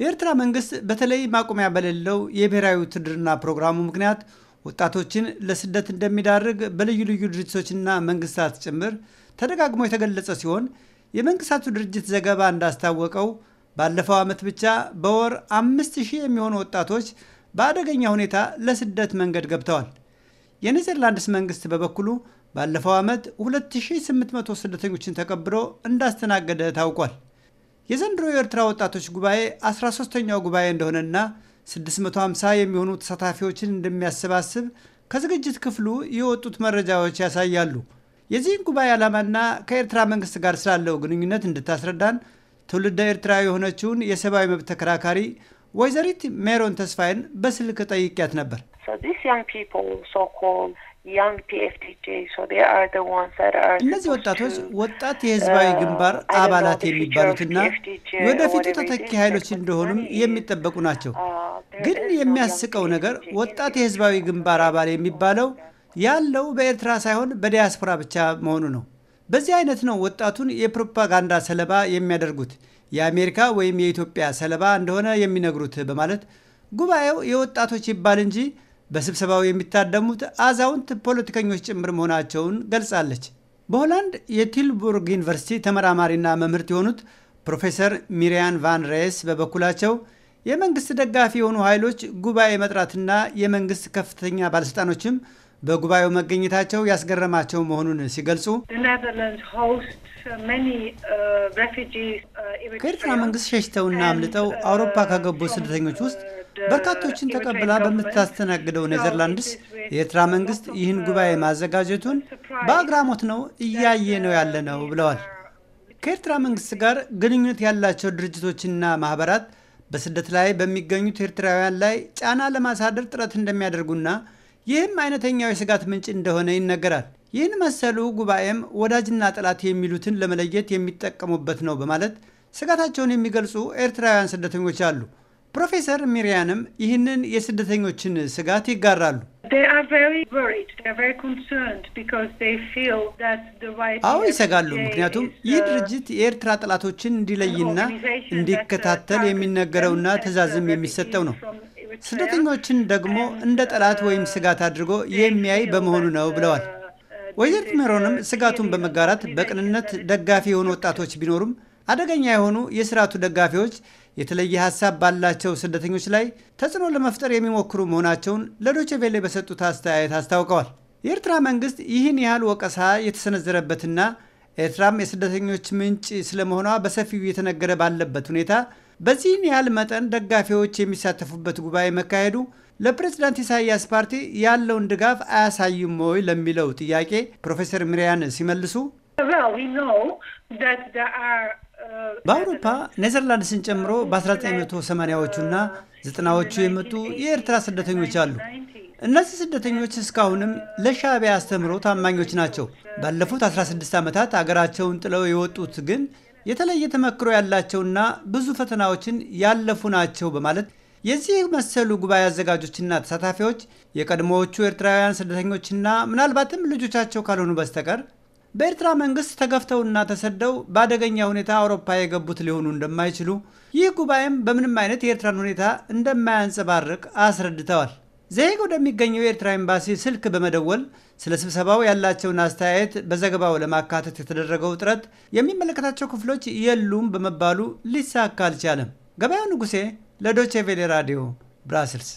የኤርትራ መንግስት በተለይ ማቆሚያ በሌለው የብሔራዊ ውትድርና ፕሮግራሙ ምክንያት ወጣቶችን ለስደት እንደሚዳርግ በልዩ ልዩ ድርጅቶችና መንግስታት ጭምር ተደጋግሞ የተገለጸ ሲሆን የመንግስታቱ ድርጅት ዘገባ እንዳስታወቀው ባለፈው ዓመት ብቻ በወር አምስት ሺህ የሚሆኑ ወጣቶች በአደገኛ ሁኔታ ለስደት መንገድ ገብተዋል። የኔዘርላንድስ መንግስት በበኩሉ ባለፈው ዓመት 2800 ስደተኞችን ተቀብሎ እንዳስተናገደ ታውቋል። የዘንድሮ የኤርትራ ወጣቶች ጉባኤ 13ኛው ጉባኤ እንደሆነና 650 የሚሆኑ ተሳታፊዎችን እንደሚያሰባስብ ከዝግጅት ክፍሉ የወጡት መረጃዎች ያሳያሉ። የዚህን ጉባኤ ዓላማና ከኤርትራ መንግስት ጋር ስላለው ግንኙነት እንድታስረዳን ትውልደ ኤርትራ የሆነችውን የሰብአዊ መብት ተከራካሪ ወይዘሪት ሜሮን ተስፋይን በስልክ ጠይቄያት ነበር። እነዚህ ወጣቶች ወጣት የህዝባዊ uh, ግንባር አባላት የሚባሉትና ወደፊቱ ተተኪ ኃይሎች እንደሆኑም የሚጠበቁ ናቸው። uh, ግን የሚያስቀው ነገር ወጣት የህዝባዊ ግንባር አባል የሚባለው ያለው በኤርትራ ሳይሆን በዲያስፖራ ብቻ መሆኑ ነው። በዚህ አይነት ነው ወጣቱን የፕሮፓጋንዳ ሰለባ የሚያደርጉት የአሜሪካ ወይም የኢትዮጵያ ሰለባ እንደሆነ የሚነግሩት በማለት ጉባኤው የወጣቶች ይባል እንጂ በስብሰባው የሚታደሙት አዛውንት ፖለቲከኞች ጭምር መሆናቸውን ገልጻለች። በሆላንድ የቲልቡርግ ዩኒቨርሲቲ ተመራማሪና መምህርት የሆኑት ፕሮፌሰር ሚሪያን ቫን ሬስ በበኩላቸው የመንግስት ደጋፊ የሆኑ ኃይሎች ጉባኤ መጥራትና የመንግስት ከፍተኛ ባለስልጣኖችም በጉባኤው መገኘታቸው ያስገረማቸው መሆኑን ሲገልጹ ከኤርትራ መንግስት ሸሽተውና አምልጠው አውሮፓ ከገቡ ስደተኞች ውስጥ በርካቶችን ተቀብላ በምታስተናግደው ኔዘርላንድስ የኤርትራ መንግስት ይህን ጉባኤ ማዘጋጀቱን በአግራሞት ነው እያየ ነው ያለ ነው ብለዋል። ከኤርትራ መንግስት ጋር ግንኙነት ያላቸው ድርጅቶችና ማህበራት በስደት ላይ በሚገኙት ኤርትራውያን ላይ ጫና ለማሳደር ጥረት እንደሚያደርጉና ይህም አይነተኛው የስጋት ምንጭ እንደሆነ ይነገራል። ይህን መሰሉ ጉባኤም ወዳጅና ጠላት የሚሉትን ለመለየት የሚጠቀሙበት ነው በማለት ስጋታቸውን የሚገልጹ ኤርትራውያን ስደተኞች አሉ። ፕሮፌሰር ሚሪያንም ይህንን የስደተኞችን ስጋት ይጋራሉ። አዎ ይሰጋሉ። ምክንያቱም ይህ uh, ድርጅት የኤርትራ ጠላቶችን እንዲለይና እንዲከታተል uh, የሚነገረውና ትዕዛዝም uh, የሚሰጠው ነው። ስደተኞችን ደግሞ እንደ ጠላት ወይም ስጋት አድርጎ የሚያይ በመሆኑ ነው ብለዋል። ወይዘሪት ሜሮንም ስጋቱን በመጋራት በቅንነት ደጋፊ የሆኑ ወጣቶች ቢኖሩም አደገኛ የሆኑ የስርዓቱ ደጋፊዎች የተለየ ሀሳብ ባላቸው ስደተኞች ላይ ተጽዕኖ ለመፍጠር የሚሞክሩ መሆናቸውን ለዶችቬሌ በሰጡት አስተያየት አስታውቀዋል። የኤርትራ መንግስት ይህን ያህል ወቀሳ የተሰነዘረበትና ኤርትራም የስደተኞች ምንጭ ስለመሆኗ በሰፊው እየተነገረ ባለበት ሁኔታ በዚህን ያህል መጠን ደጋፊዎች የሚሳተፉበት ጉባኤ መካሄዱ ለፕሬዝዳንት ኢሳያስ ፓርቲ ያለውን ድጋፍ አያሳይም ወይ ለሚለው ጥያቄ ፕሮፌሰር ሚሪያን ሲመልሱ በአውሮፓ ኔዘርላንድስን ጨምሮ በ1980ዎቹና ዘጠናዎቹ የመጡ የኤርትራ ስደተኞች አሉ። እነዚህ ስደተኞች እስካሁንም ለሻቢያ አስተምህሮ ታማኞች ናቸው። ባለፉት 16 ዓመታት አገራቸውን ጥለው የወጡት ግን የተለየ ተመክሮ ያላቸውና ብዙ ፈተናዎችን ያለፉ ናቸው በማለት የዚህ መሰሉ ጉባኤ አዘጋጆችና ተሳታፊዎች የቀድሞዎቹ ኤርትራውያን ስደተኞችና ምናልባትም ልጆቻቸው ካልሆኑ በስተቀር በኤርትራ መንግስት ተገፍተውና ተሰደው በአደገኛ ሁኔታ አውሮፓ የገቡት ሊሆኑ እንደማይችሉ ይህ ጉባኤም በምንም አይነት የኤርትራን ሁኔታ እንደማያንጸባርቅ አስረድተዋል። ዘሄግ ወደሚገኘው የኤርትራ ኤምባሲ ስልክ በመደወል ስለ ስብሰባው ያላቸውን አስተያየት በዘገባው ለማካተት የተደረገው ጥረት የሚመለከታቸው ክፍሎች የሉም በመባሉ ሊሳካ አልቻለም። ገበያው ንጉሴ ለዶቼ ቬሌ ራዲዮ ብራስልስ